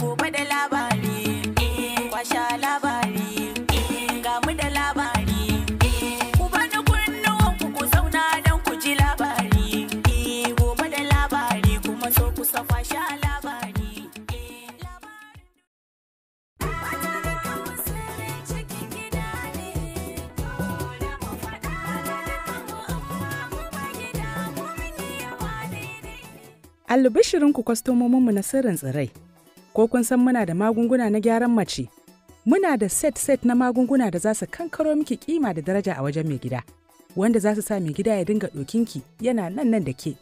gobe da labari eh, kwasha labari eh, ga mu da labari eh, ku bani kunnuwan ku ku zauna don ku ji labari gobe da labari kuma so ku sa kwasha labari Albishirinku kwastomominmu na sirrin tsirai ko kun san muna da magunguna na gyaran mace muna da set-set na magunguna da za su kankaro miki kima da daraja a wajen mai gida wanda za su sa mai gida ya dinga ɗokinki yana nan nan da ke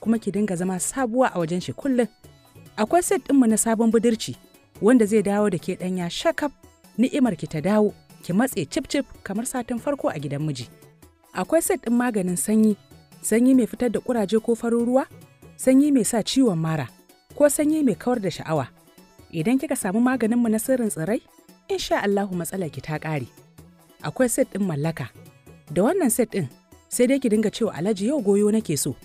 kuma ki dinga zama sabuwa a wajen shi kullum akwai set ɗinmu na sabon budurci wanda zai dawo da ke ɗanya shakaf ni'imar ki ta dawo ki matse cip-cip kamar satin farko a gidan miji akwai set ɗin maganin sanyi sanyi mai fitar da kuraje ko farin ruwa sanyi mai sa ciwon mara ko sanyi mai kawar da sha'awa Idan kika samu maganinmu na sirrin tsirai, insha Allahu matsalar ki ta kare. Akwai set ɗin mallaka. Da wannan set ɗin, sai dai ki dinga cewa Alhaji yau goyo nake so.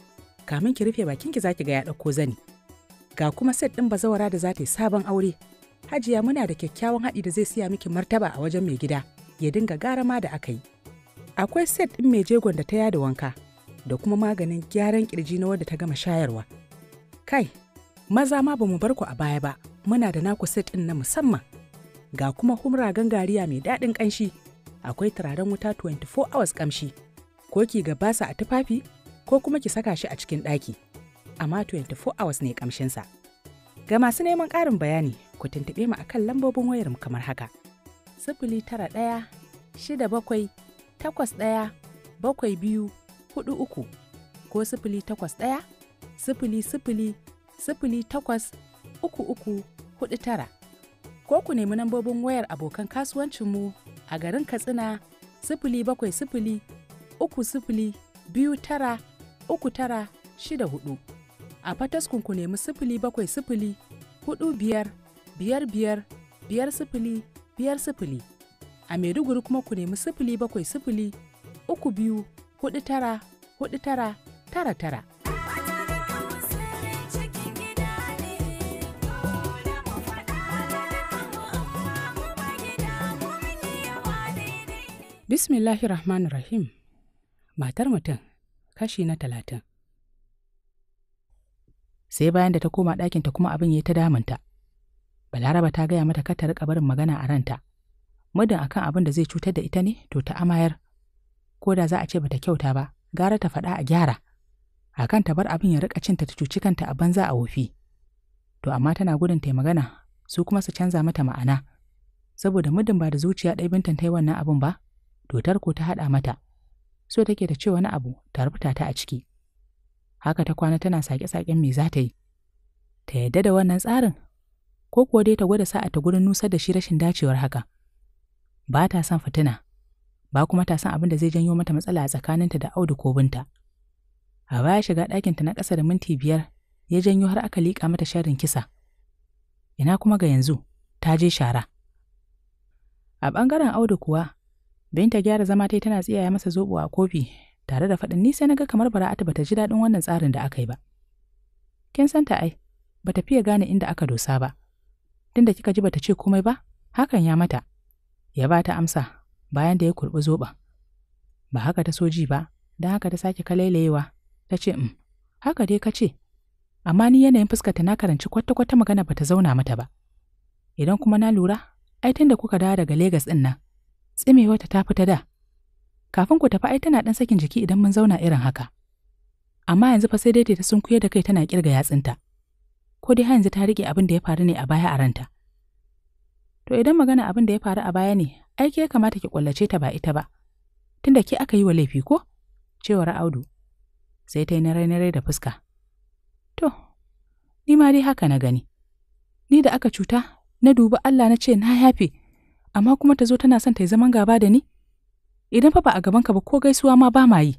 Kamin ki rufe bakin ki zaki ga ya ɗauko zani. Ga kuma set ɗin bazawara da za ta yi sabon aure. Hajiya muna da kyakkyawan haɗi da zai siya miki martaba a wajen mai gida, ya dinga garama da aka yi. Akwai set ɗin mai jegon da ta yada wanka, da kuma maganin gyaran kirji na wadda ta gama shayarwa. Kai, maza ma ba mu bar ku a baya ba. muna da naku set ɗin na musamman ga kuma humra gangariya mai daɗin ƙanshi akwai turaren wuta 24 hours ƙamshi ko ki basa a tufafi ko kuma ki saka shi a cikin ɗaki amma 24 hours ne ƙamshinsa ga masu neman ƙarin bayani ku tuntuɓe mu akan lambobin wayar mu kamar haka sifili tara ɗaya shida bakwai takwas ɗaya bakwai biyu hudu uku ko sifili takwas ɗaya sifili sifili sifili takwas uku uku tara ko ku nemi nambobin wayar abokan kasuwancinmu a garin Katsina sifili bakwai sifili uku sifili biyu tara uku tara shida hudu. A fataskun ku nemi sifili bakwai sifili hudu biyar biyar biyar biyar sifili biyar sifili. A Maiduguri kuma ku nemi sifili bakwai sifili uku biyu hudu tara hudu tara tara tara. Bismillahir Rahmanir Rahim Matar mutum kashi na talatin. Sai bayan da ta koma ɗakinta kuma abin ya yi ta damunta. Balaraba ta gaya mata kar ta riƙa barin magana a ranta. Muddin akan abin da zai cutar da ita ne to ta amayar. Ko da za a ce bata kyauta ba, gara ta faɗa a gyara. Akan ta bar abin ya riƙa cinta ta cuci kanta a banza a wofi. To amma tana gudun ta magana, su kuma su canza mata ma'ana. Saboda muddin ba da zuciya ɗaya bintan ta yi wannan abin ba, Dotar ko ta haɗa mata, so take ta ce wani abu ta rubuta ta a ciki. Haka ta kwana tana sake-saken me za ta yi. Ta yadda da wannan tsarin, ko kuwa dai ta gwada sa'a ta gurin nusar da shi rashin dacewar haka. Ba ta son fitina, ba kuma ta san abin da zai janyo mata matsala a tsakaninta da Audu ko Binta. A baya shiga ɗakinta na ƙasa da minti biyar ya janyo har aka liƙa mata sharrin kisa. Ina kuma ga yanzu, ta je shara. A ɓangaren Audu kuwa, Binta gyara zama ta yi tana tsiyaya masa zobo a kofi, tare da faɗin nisa na ga kamar bara'atu bata ji daɗin wannan tsarin da aka yi ba. Kin san ta ai, bata fiye gane inda aka dosa ba. Tunda kika ji bata ce komai ba, hakan ya mata. Ya ba ta amsa, bayan da ya kurɓi zoɓa. Ba haka ta soji ba, don haka ta sake kalailayewa, ta ce, um, haka dai ka ce, amma ni yanayin fuskarta na karanci kwata-kwata magana bata zauna mata ba. Idan kuma na lura, ai tun da kuka dawo daga Legas ɗin nan, tsimewar ta fita da kafin ku tafi ai tana dan sakin jiki idan mun zauna irin haka amma yanzu fa sai dai ta sunkuye da kai tana kirga yatsunta ko dai har yanzu ta rike abin da ya faru ne a baya a ranta to idan magana abin da ya faru a baya ne aiki ya kamata ki kullace ta ba ita ba tunda ke aka yi wa laifi ko cewar audu sai ta yi narai-narai da fuska to ni ma dai haka na gani ni da aka cuta na dubi Allah na ce na yafe amma kuma ta zo tana son ta yi zaman gaba da ni? Idan fa ba a gaban ka ba ko gaisuwa ma ba ma yi.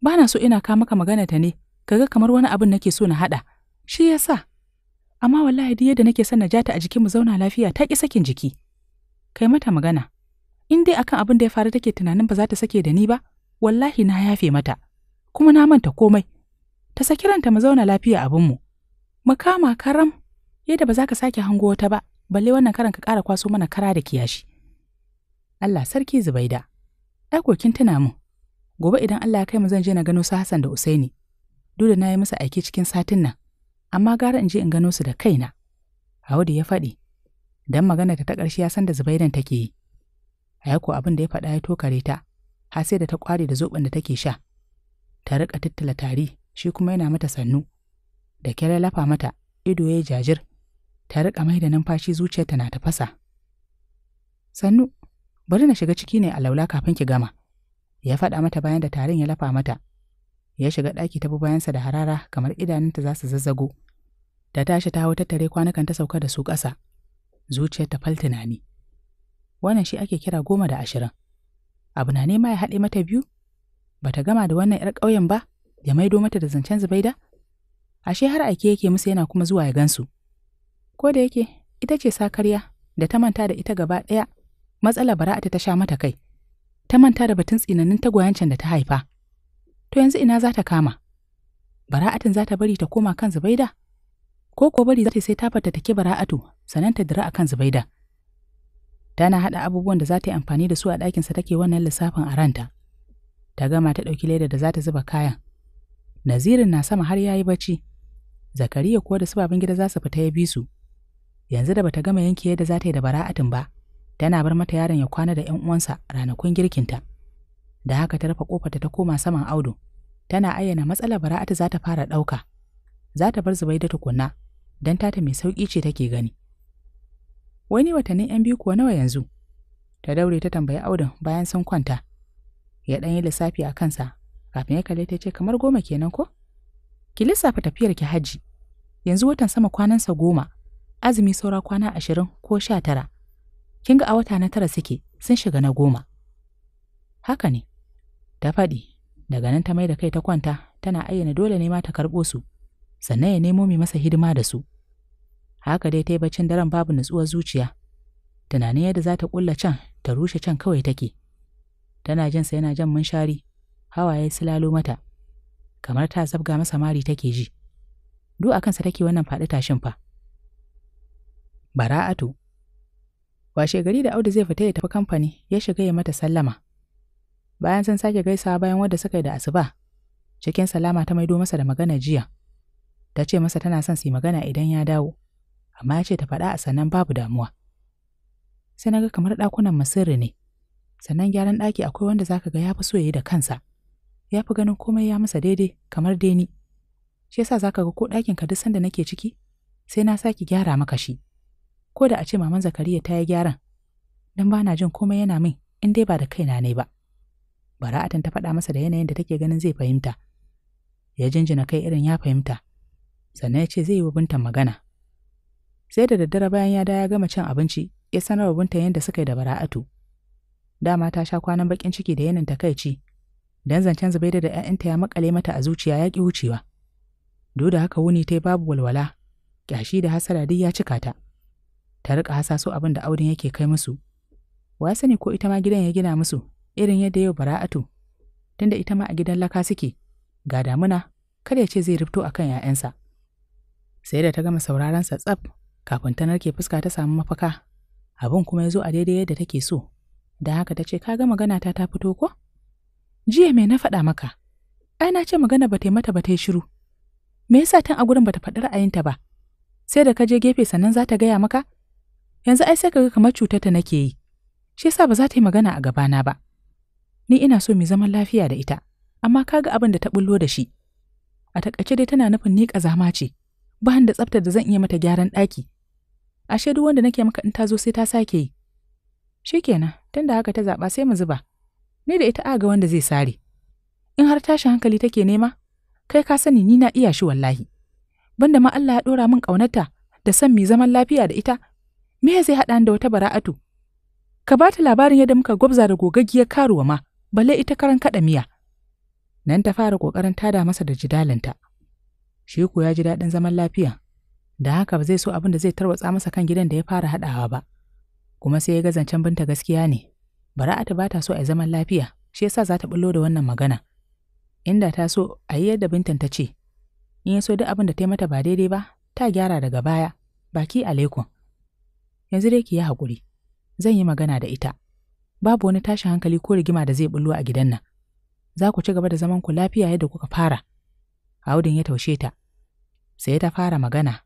Ba na so ina ka maka magana ta ne, kaga kamar wani abin nake so na haɗa. Shi ya sa. Amma wallahi duk yadda nake son na ja ta a jikin mu zauna lafiya ta ƙi sakin jiki. Kai mata magana. In dai akan abin da ya faru take tunanin ba za ta sake da ni ba, wallahi na yafe mata. Kuma na manta komai. Ta saki ranta mu zauna lafiya abinmu. Mu kama karam yadda ba za ka sake hango wata ba balle wannan karan ka ƙara kwaso mana kara da kiyashi. Allah sarki Zubaida, ai kin tuna min. Gobe idan Allah ya kai mu zan je na gano su Hassan da Usaini. Dole na yi musu aiki cikin satin nan, amma gara in je in gano su da kaina. Audu ya faɗi, dan magana ta ta ƙarshe ya san da Zubaidan take yi. ko abin da ya faɗa ya tokare ta, har sai da ta ƙware da zoben da take sha. Ta rika tattala tari, shi kuma yana mata sannu. Da kyar lafa mata, ido ya jajir, ta riƙa mai da numfashi zuciyarta na tafasa. Sannu, bari na shiga ciki ne a laula kafin ki gama. Ya faɗa mata bayan da tarin ya lafa mata. Ya shiga ɗaki ta bi bayansa da harara kamar idanunta za su zazzago. Ta tashi ta hau tattare kwanukan ta sauka da su ƙasa. Zuciyar ta fal tunani. Wannan shi ake kira goma da ashirin. Abu na nema ya haɗe mata biyu? Bata gama da wannan 'yar ƙauyen ba? Ya maido mata da zancen zubaida? Ashe har aike yake musu yana kuma zuwa ya gansu. ko da yake ita ce sakarya da ta manta da ita gaba ɗaya matsalar bara'ata ta sha mata kai ta manta da batun tsinanin tagwayancin da ta haifa to yanzu ina za ta kama bara'atin za ta bari ta koma kan zubaida ko ko bari za ta sai ta take bara'atu sannan ta dira akan zubaida tana haɗa abubuwan da za ta yi amfani da su a sa take wannan lissafin a ranta ta gama ta ɗauki leda da za ta zuba kayan nazirin na sama har yayi bacci zakariya kuwa da su gida za su fita ya bi su yanzu da bata gama yanke yadda za ta yi da bara'atin ba tana bar mata yaron ya kwana da 'yan uwansa ranakun girkinta da haka ta rufe kofar ta koma saman audu tana ayyana matsalar bara'atu za ta fara ɗauka za ta bar zubai da tukunna don tata mai sauƙi ce take gani wani watannin 'yan biyu kuwa nawa yanzu ta daure ta tambayi audun bayan sun kwanta ya ɗan yi lissafi a kansa kafin ya kalle ta ce kamar goma kenan ko ki lissafa tafiyar ki hajji yanzu watan sama kwanansa goma azumi saura kwana ashirin ko sha tara. Kin ga a wata na tara suke sun shiga na goma. Haka ne, ta faɗi, daga nan ta mai da kai ta kwanta tana ayyana dole ne ma ta karɓo su, sannan ya nemo mai masa hidima da su. Haka dai ta yi baccin daren babu nutsuwar zuciya, tunanin yadda za ta ƙulla can ta rushe can kawai take. Tana jin sa yana jan munshari, hawaye silalo mata, kamar ta zabga masa mari take ji. Duk a kansa take wannan faɗi tashin fa. bara'atu washe gari da audu zai fita ya tafi kamfani ya shiga ya mata sallama bayan sun sake gaisawa bayan wadda suka yi da asuba cikin salama ta maido masa da magana jiya ta ce masa tana son su yi magana idan ya dawo amma ya ce ta faɗa a sannan babu damuwa sai na ga kamar ɗakunan masirri ne sannan gyaran ɗaki akwai wanda za ka ga ya fi so ya yi da kansa ya fi ganin komai ya masa daidai kamar dai ni shi yasa ka ga ko ɗakin ka duk sanda nake ciki sai na sake gyara maka shi ko da a ce maman Zakariya ta yi gyaran, don ba na jin komai yana min in dai ba da kaina ne ba. Bara'atan ta faɗa masa da yanayin da take ganin zai fahimta. Ya jinjina kai irin ya fahimta, sannan ya ce zai yi wa Bintan magana. Sai da daddare bayan ya da ya gama cin abinci, ya sanarwa Bintan yadda suka yi da Bara'atu. Dama ta sha kwanan baƙin ciki da yanin takaici, dan zancen Zubaida da 'ya'yanta ya makale mata a zuciya ya ƙi wucewa. Duk da haka wuni ta babu walwala, ƙyashi da hasara duk ya cika ta. ta rika hasaso abin da auren yake kai musu. Wa sani ko ita ma gidan ya gina musu irin yadda yau bara'atu tunda ita ma a gidan laka suke ga damuna kada ya ce zai rubto kan 'ya'yansa. Sai da ta gama sauraron sa tsaf kafin ta narke fuska ta samu mafaka abin kuma ya zo a daidai yadda take so da haka ta ce ka ga magana ta ta fito ko? Jiya me na faɗa maka? Ai na ce magana ba ta yi mata ba ta yi shiru. Me yasa tun a gurin ba ta faɗi ra'ayinta ba? Sai da ka je gefe sannan za ta gaya maka? Yanzu ai sai kaga kamar cutar ta nake yi. Shi yasa ba za ta yi magana a gabana ba. Ni ina so mu zaman lafiya da ita, amma kaga abin da ta bullo da shi. A takaice dai tana nufin ni kazama ce, ba da tsaftar da zan iya mata gyaran ɗaki. Ashe duk wanda nake maka in ta zo sai ta sake yi. Shikenan, tunda haka ta zaɓa sai mu zuba. Ni da ita aga wanda zai sare. In har tashin hankali take nema, kai ka sani ni na iya shi wallahi. Banda ma Allah ya ɗora min ƙaunarta da san mai zaman lafiya da ita me zai haɗa da wata bara'atu ka ba ta labarin yadda muka gwabza da gogaggiyar karuwa ma balle ita karan kaɗa miya nan ta fara ƙoƙarin tada masa da jidalinta shi ko ya ji daɗin zaman lafiya da haka ba zai so abin da zai tarwatsa masa kan gidan da ya fara haɗawa ba kuma sai ya ga zancen binta gaskiya ne bara'atu ba ta so a zaman lafiya shi yasa za ta bullo da wannan magana inda ta so a yi yadda bintan ta ce in ya so duk abin da ta yi mata ba daidai ba ta gyara daga baya baki alaikum yanzu dai ki yi haƙuri zan yi magana da ita babu wani tashin hankali ko rigima da zai bullo a gidan nan za ku ci gaba da zaman ku lafiya yadda kuka fara Audin ya taushe ta sai ta fara magana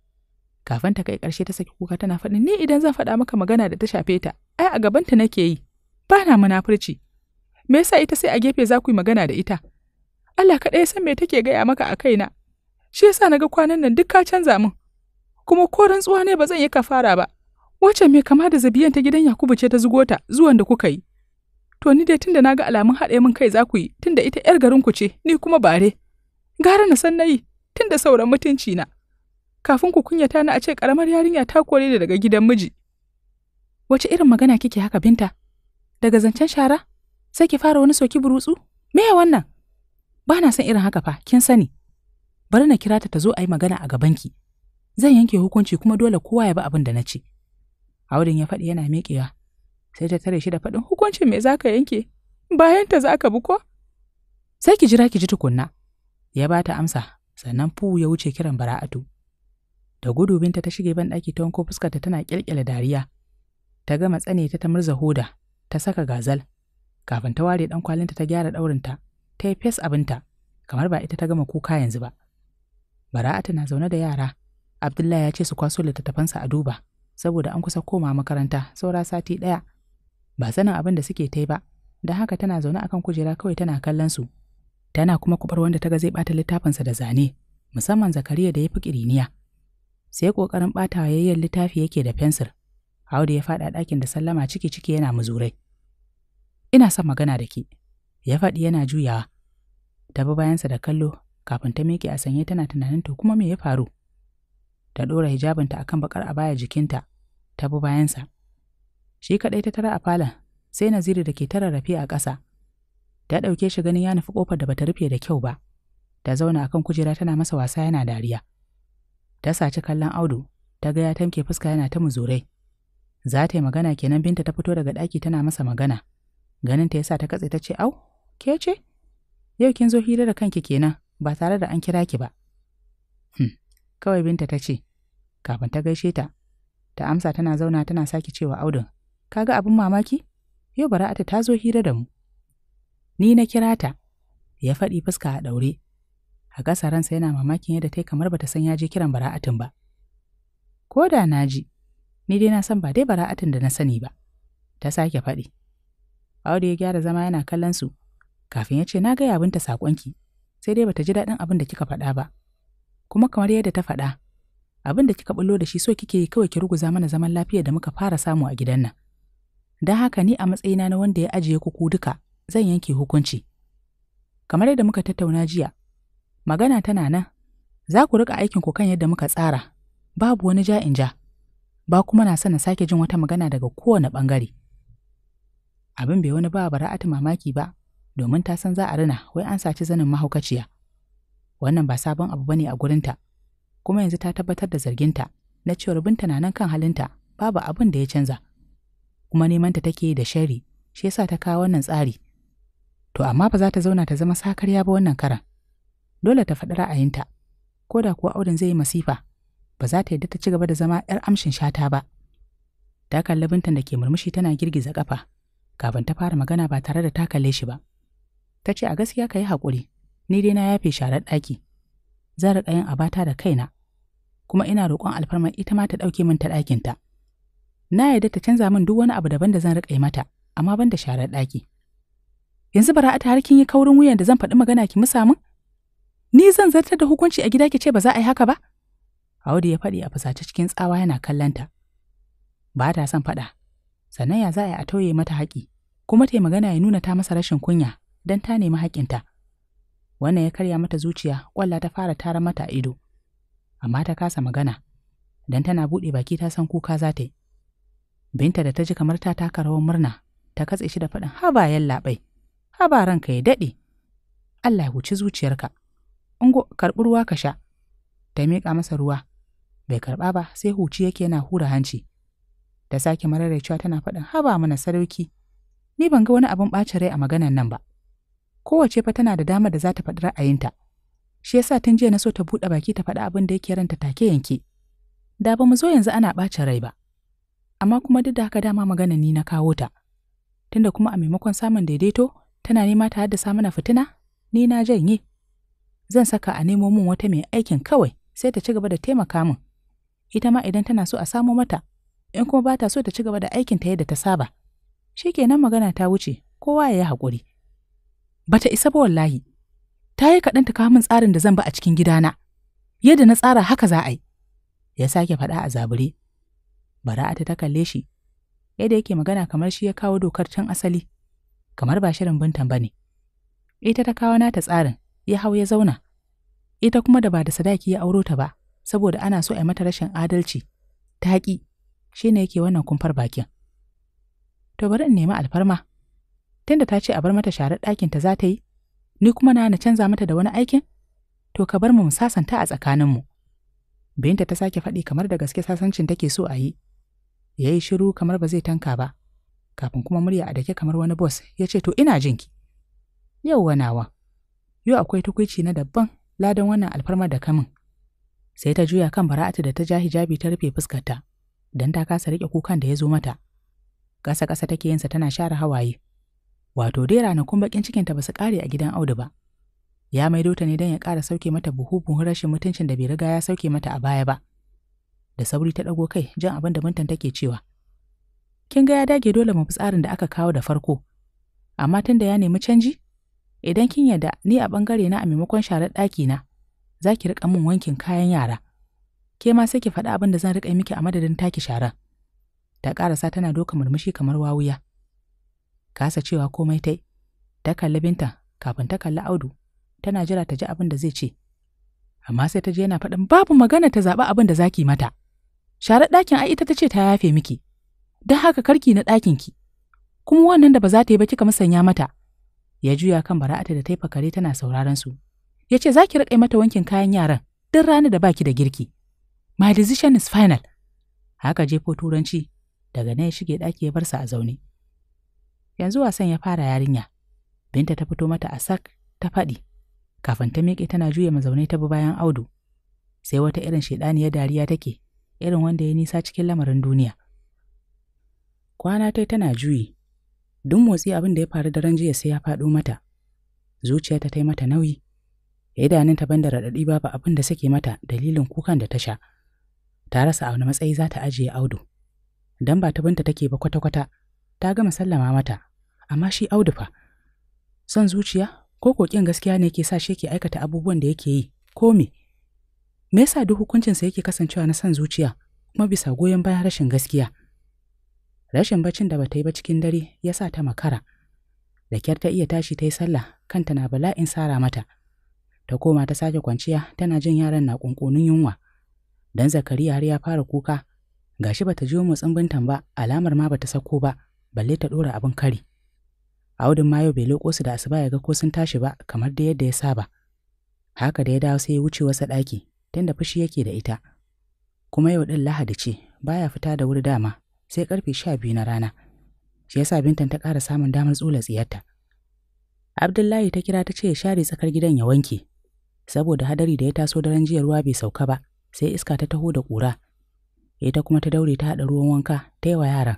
kafin ta kai ƙarshe ta saki kuka tana faɗin ni idan zan faɗa maka magana da ta shafe ta ai a gabanta nake yi ba na munafurci me yasa ita sai a gefe za ku yi magana da ita Allah kaɗai ya san me take gaya maka a kaina shi yasa ga kwanan nan duk ka canza min kuma ko rantsuwa ne ba zan yi ka fara ba Wace mai kama da zabiyan ta gidan Yakubu ce ta zugo ta zuwan da kuka yi. To ni dai tunda na ga alamun haɗe min kai za ku yi tunda ita ƴar garinku ce ni kuma bare. Gara na san na tunda sauran mutunci na. Kafin ku kunyata na a ce ƙaramar yarinya ta kore da daga gidan miji. Wace irin magana kike haka binta? Daga zancen shara? Sai ki fara wani soki burutsu? Me ya wannan? Ba na san irin haka fa, kin sani. Bari na kira ta ta zo a yi magana a gabanki. Zan yanke hukunci kuma dole kowa ya bi abin da na ce. Audun ya faɗi yana miƙewa. Sai ta tare shi da faɗin hukuncin me za ka yanke? Bayan ta za ka bi ko? Sai ki jira ki ji tukunna. Ya ba ta amsa, sannan fu ya wuce kiran bara'atu. Da gudu binta ta shige ban ɗaki ta wanko fuskarta tana ƙyalƙyala dariya. Ta gama tsane ta ta murza hoda, ta saka gazal. Kafin ta ware ɗan kwalinta ta gyara ɗaurinta, ta yi fes abinta, kamar ba ita ta gama kuka yanzu ba. Bara'atu na zaune da yara, Abdullahi ya ce su kwaso littattafansa a duba. saboda an kusa koma makaranta saura sati ɗaya ba sanin abin da suke ta ba don haka tana zaune akan kujera kawai tana kallon su tana kuma kubar wanda ta ga zai ɓata littafinsa da zane musamman zakariya da ya fi ƙiriniya sai ƙoƙarin ɓata yayyen littafi yake da fensir Audu ya faɗa ɗakin da sallama ciki ciki yana muzurai ina son magana da ke ya faɗi yana juyawa ta bi bayansa da kallo kafin ta miƙe a sanye tana tunanin to kuma me ya faru ta ɗora hijabinta akan bakar a baya jikinta ta bi bayansa. Shi kaɗai ta tara a falon, sai Naziru da ke rarrafe a ƙasa. Ta ɗauke shi ganin ya nufi ƙofar da bata rufe da kyau ba, ta zauna a kan kujera tana masa wasa yana dariya. Ta saci kallon Audu, ta ga ya tamke fuska yana ta muzurai. Za ta yi magana kenan binta ta fito daga ɗaki tana masa magana. Ganin ta yasa ta katse ta ce, "Au, ke ce? Yau kin zo hira da kanki kenan, ba tare da an kira ki ba." Hmm. Kawai binta ta ce, kafin ta gaishe ta, ta amsa tana zauna tana sake cewa audun kaga abin mamaki yau bara'atu ta zo hira da mu ni na kira ta ya faɗi fuska a ɗaure a gasa ransa yana mamakin yadda ta kamar bata san ya je kiran bara'atin ba ko da na ji ni dai na san ba dai bara'atin da na sani ba ta sake faɗi audu ya gyara zama yana kallon su kafin ya ce na gaya abinta saƙonki sai dai bata ji daɗin abin da kika faɗa ba kuma kamar yadda ta faɗa abin da kika bullo da shi so kike yi kawai ki ruguza mana zaman lafiya da muka fara samu a gidan nan. Don haka ni a matsayina na wanda ya ajiye kuku duka zan yanke hukunci. Kamar yadda muka tattauna jiya, magana tana nan, za ku riƙa aikinku kan yadda muka tsara, babu wani ja in ja, ba kuma na son na sake jin wata magana daga kowane ɓangare. Abin bai wani ba bara'atu mamaki ba, domin ta san za a rina wai an saci zanin mahaukaciya. Wannan ba sabon abu bane a gurin ta. kuma yanzu ta tabbatar da zarginta na cewar binta na nan kan halinta babu abin da ya canza kuma nemanta take da shari shi yasa ta kawo wannan tsari to amma ba za ta zauna ta zama sakarya ba wannan karan dole ta faɗi ra'ayinta ko da kuwa auren zai yi masifa ba za ta yadda ta ci gaba da zama 'yar amshin shata ba ta kalli bintan da ke murmushi tana girgiza kafa kafin ta fara magana ba tare da ta kalle shi ba ta ce a gaskiya ka yi haƙuri ni dai na yafe sharar ɗaki zara riƙa abata da kaina kuma ina roƙon alfarma ita ma ta ɗauke min ta ɗakinta. Na yarda ta canza min duk wani abu daban da zan riƙa mata, amma ban da sharar ɗaki. Yanzu bara ta har kin yi kaurin wuyan da zan faɗi magana ki musa min? Ni zan zartar da hukunci a gida ki ce ba za a yi haka ba? Audu ya faɗi a fusace cikin tsawa yana kallanta. Ba ta son faɗa, sannan ya za a yi a tauye mata haƙi, kuma ta magana ya nuna ta masa rashin kunya don ta nemi haƙinta. Wannan ya karya mata zuciya, ƙwalla ta fara tara mata ido. amma ta kasa magana, don tana buɗe baki ta san kuka za ta yi. Binta da ta ji kamar ta taka rawar murna, ta katse shi da faɗin haba yallaɓai, haba ranka ya daɗe. Allah ya huci zuciyarka. Ungo, karɓi ruwa ka sha. Ta miƙa masa ruwa. Bai karɓa ba sai huci yake yana hura hanci. Da sake cewa tana faɗin haba mana sarauki. Ni ban ga wani abin ɓacin rai a maganan nan ba. Kowace fa tana da dama da za ta faɗi ra'ayinta. shi yasa tun jiya na so ta buɗe baki ta faɗi abin da yake ranta take yanke da ba mu zo yanzu ana ɓacin rai ba amma kuma duk da haka dama magana ni na kawo ta tunda kuma a maimakon samun daidaito tana nema ta haddasa mana fitina ni na janye zan saka a nemo min wata mai aikin kawai sai ta ci gaba da taimaka min ita ma idan tana so a samo mata in kuma ba ta so ta ci gaba da aikin ta yadda ta saba shikenan magana ta wuce kowa ya yi haƙuri bata isa ba wallahi ta yi kaɗan ta kawo min tsarin da zan ba a cikin gidana. Yadda na tsara haka za a yi. Ya sake faɗa a zabure. a ta kalle shi. Yadda yake magana kamar shi ya kawo dokar can asali. Kamar ba shirin bintan ba ne. Ita ta kawo nata tsarin, ya hau ya zauna. Ita kuma da ba da sadaki ya auro ta ba, saboda ana so a mata rashin adalci. Ta haƙi shi ne yake wannan kumfar bakin. To bari in nemi alfarma. Tunda ta ce a bar mata sharar ɗakin ta za ta yi, ni kuma na na canza mata da wani aikin? To ka bar mu sasanta a tsakaninmu. Binta ta sake faɗi kamar da gaske sasancin take so a yi. Ya yi shiru kamar ba zai tanka ba, kafin kuma murya a dake kamar wani bos ya ce to ina jinki. Yau wanawa, yau akwai tukwici na dabban ladan wannan alfarmar da kamin. Sai ta juya kan bara'atu da ta ja hijabi ta rufe fuskarta, don ta kasa riƙe kukan da ya zo mata. Ƙasa-ƙasa take yinsa tana share hawaye. wato dai ranakun bakin cikinta ba su kare a gidan Audu ba. Ya maido ta ne don ya ƙara sauke mata buhu-buhun rashin mutuncin da bai riga ya sauke mata a baya ba. Da sauri ta ɗago kai jan abin da mintan take cewa. Kin ga ya dage dole mu tsarin da aka kawo da farko. Amma tun da ya nemi canji, idan kin yarda ni a ɓangare na a maimakon sharar ɗaki na, za ki riƙa min wankin kayan yara. Ke ma sai ki faɗi abin da zan riƙa miki a madadin taki sharar. Ta ƙarasa tana doka murmushi kamar wawuya. kasa cewa komai ta yi, ta kalli binta kafin ta kalli audu, tana jira ta ji abin da zai ce. Amma sai ta je yana faɗin babu magana ta zaɓi abin da zaki mata. Sharar ɗakin ai ita ta ce ta yafe miki, don haka karki na ɗakin ki. kuma wannan da ba za ta yi ba kika musanya mata. Ya juya kan bara'ata da ta yi fakare tana sauraron su. Ya ce za ki riƙa mata wankin kayan yaran duk rana da baki da girki. My decision is final. Haka jefo turanci daga nan ya shige ɗaki ya bar sa a zaune. yanzu wasan ya fara yarinya. Binta ta fito mata a sak ta faɗi, kafin ta miƙe tana juya mazaunai ta bi bayan audu. Sai wata irin shaiɗaniyar dariya take, irin wanda ya nisa cikin lamarin duniya. Kwana tai tana juyi, duk motsi abin da ya faru daren jiya sai ya faɗo mata. Zuciya ta yi mata nauyi, idanun ta banda raɗaɗi babu abin da suke mata dalilin kukan da ta sha. Ta rasa a wani matsayi za ta ajiye audu, dan ba ta binta take ba kwata-kwata. ta gama sallama mata, amma shi Audu fa. Son zuciya ko kokin gaskiya ne ke sa shi yake aikata abubuwan da yake yi, ko me? Me yasa duk hukuncinsa yake kasancewa na son zuciya kuma bisa goyon bayan rashin gaskiya? Rashin baccin da bata yi ba cikin dare ya sa ta makara. Da kyar ta iya tashi ta yi sallah kanta na bala'in sara mata. Ta koma ta sake kwanciya tana jin yaran na ƙunƙunin yunwa. Dan Zakariya har ya fara kuka, gashi bata jiyo motsin bintan ba, alamar ma bata sako ba. balle ta ɗora abin kari audun mayo bai loko su da asuba ya ga ko sun tashi ba kamar da yadda ya saba haka da ya dawo sai ya wuce wasa ɗaki tunda fushi yake da ita kuma yau ɗin lahadi ce baya fita da wuri dama sai karfe sha biyu na rana shi yasa bintan ta ƙara samun damar tsula tsiyarta abdullahi ta kira ta ce ya share tsakar gidan ya wanke saboda hadari da ya taso daren jiya ruwa bai sauka ba sai iska ta taho da ƙura ita kuma ta daure ta haɗa ruwan wanka ta yi wa yaran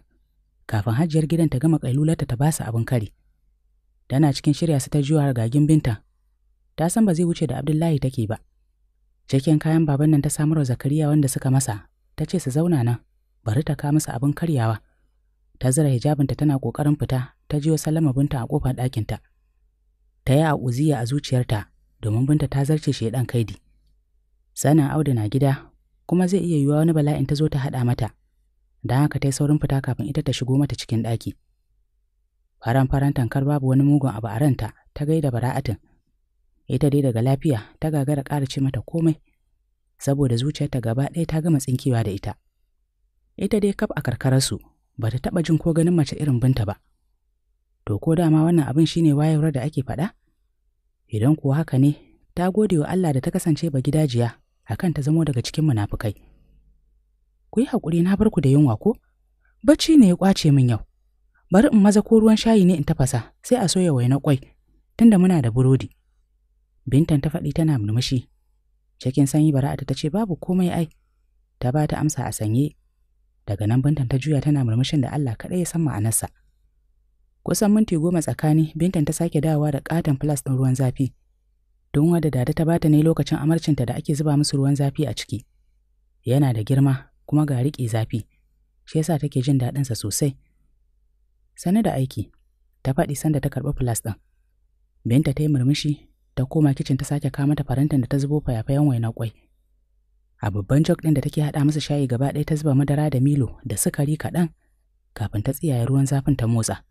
kafin hajiyar gidan ta gama ƙailulata ta basu abin kari. Tana cikin shirya su ta juya gagin binta. Ta san ba zai wuce da Abdullahi take ba. Cikin kayan baban nan ta samar Zakariya wanda suka masa, ta ce su zauna nan, bari ta ka masa abin karyawa. Ta zira hijabinta tana ƙoƙarin fita, ta jiyo salama binta a ƙofar ɗakinta. Ta yi a uziya a zuciyarta, domin binta ta zarce ɗan kaidi. Sanin Audu na gida, kuma zai iya yiwuwa wani bala'in ta zo ta haɗa mata. don haka ta yi saurin fita kafin ita ta shigo mata cikin ɗaki. Faran faran tankar babu wani mugun abu a ranta ta gaida bara'atin. Ita dai daga lafiya ta gagara ƙara ce mata komai, saboda zuciyarta gaba ɗaya ta gama tsinkewa da ita. Ita dai kaf a karkararsu ba ta taɓa jin ko ganin mace irin binta ba. To ko dama wannan abin shine wayewar da ake faɗa? Idan kuwa haka ne, ta gode wa Allah da ta kasance ba gidajiya akan ta zamo daga cikin munafukai. ku yi haƙuri na barku ku da yunwa ko? Bacci ne ya ƙwace min yau. Bari in maza ko ruwan shayi ne in tafasa sai a soya waina ƙwai tunda muna da burodi. Bintan ta faɗi tana murmushi. Cikin sanyi bara'ata ta ce babu komai ai. Ta ba ta amsa a sanye. Daga nan Bintan ta juya tana murmushin da Allah kaɗai ya san ma'anarsa. Kusan minti goma tsakani Bintan ta sake dawowa da ƙaton filas ɗin ruwan zafi. Don da dada ta bata ne lokacin amarcinta da ake zuba musu ruwan zafi a ciki. Yana da girma kuma ga riƙe zafi shi yasa take jin daɗinsa sosai sane da aiki ta faɗi sanda ta karɓi filas ɗin binta ta yi murmushi ta koma kicin ta sake kama mata farantin da ta zubo fayafayan waina kwai a babban jog ɗin da take haɗa masa shayi gaba ɗaya ta zuba madara da milo da sukari kaɗan kafin ta tsiyaye ruwan zafin ta motsa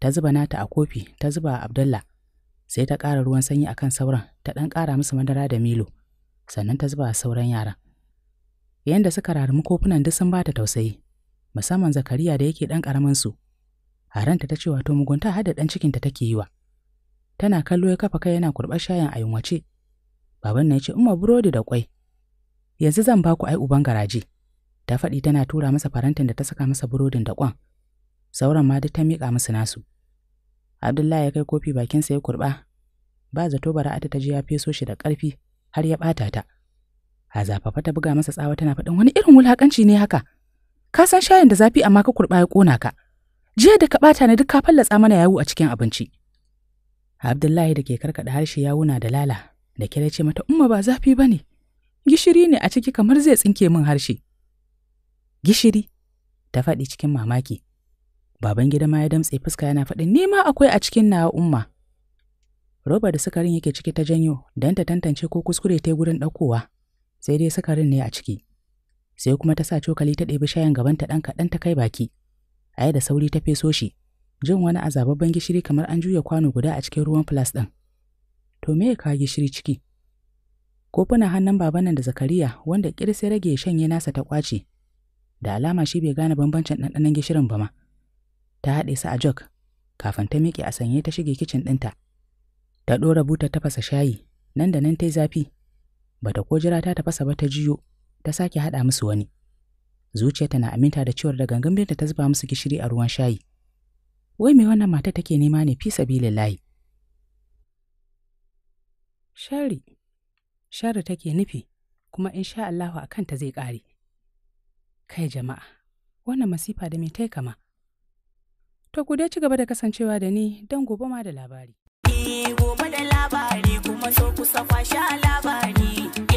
ta zuba nata a kofi ta zuba a abdalla sai ta ƙara ruwan sanyi akan sauran ta ɗan ƙara masa madara da milo sannan ta zuba a sauran yaran da suka rarumi kofunan duk sun ba ta tausayi musamman zakariya da yake ɗan ƙaramin su haranta ta ce wato mugunta har da ɗan ta take yi wa tana kallo ya kafa kai yana kurɓar shayin a wace baban na ya ce umma burodi da kwai yanzu zan ba ku ai uban garaje ta faɗi tana tura masa farantin da ta saka masa burodin da kwan sauran ma duk ta miƙa musu nasu abdullahi ya kai kofi bakinsa ya kurɓa ba zato bara'ata ta ji ya feso shi da ƙarfi har ya ɓata ta. A zafafa ta buga masa tsawa tana faɗin wani irin wulaƙanci ne haka. Ka san shayin da zafi amma ka kurɓa ya ƙona ka. Jiya da ka ɓata ni duk ka fallatsa mana yawu a cikin abinci. Abdullahi da ke karkaɗa harshe wuna da lala da kira ce mata umma ba zafi ba ne. Gishiri ne a ciki kamar zai tsinke min harshe. Gishiri ta faɗi cikin mamaki. Baban gida ma ya damtse fuska yana faɗin nema akwai a cikin na umma. Roba da sukarin yake ciki ta janyo don ta tantance ko kuskure ta wurin ɗaukowa. sai dai sukarin ne a ciki. Sai kuma ta sa cokali ta ɗebi shayin gabanta ɗan kaɗan ta kai baki. A da sauri ta feso shi, jin wani azababban gishiri kamar an juya kwano guda a cikin ruwan filas ɗin. To me ka gishiri ciki? Kofuna hannun baban nan da Zakariya wanda ƙirs ya rage shanye nasa ta kwace Da alama shi bai gane bambancin ɗanɗanon gishirin ba ma. Ta haɗe su a jok kafin ta miƙe a sanye ta shige kicin ɗinta. Ta ɗora ta tafasa shayi, nan da nan ta yi zafi, bata ko jira ta tafasa ba ta jiyo ta sake haɗa musu wani zuciyarta na aminta da cewar da gangan ta zuba musu gishiri a ruwan shayi wai me wannan mata take nema ne fi sabilillahi shari shari take nufi kuma in sha Allahu a kanta zai ƙare kai jama'a wannan masifa da me ta kama to ku dai ci gaba da kasancewa da ni don gobe ma da labari labari gobe da labari kuma so kusa kwashe labari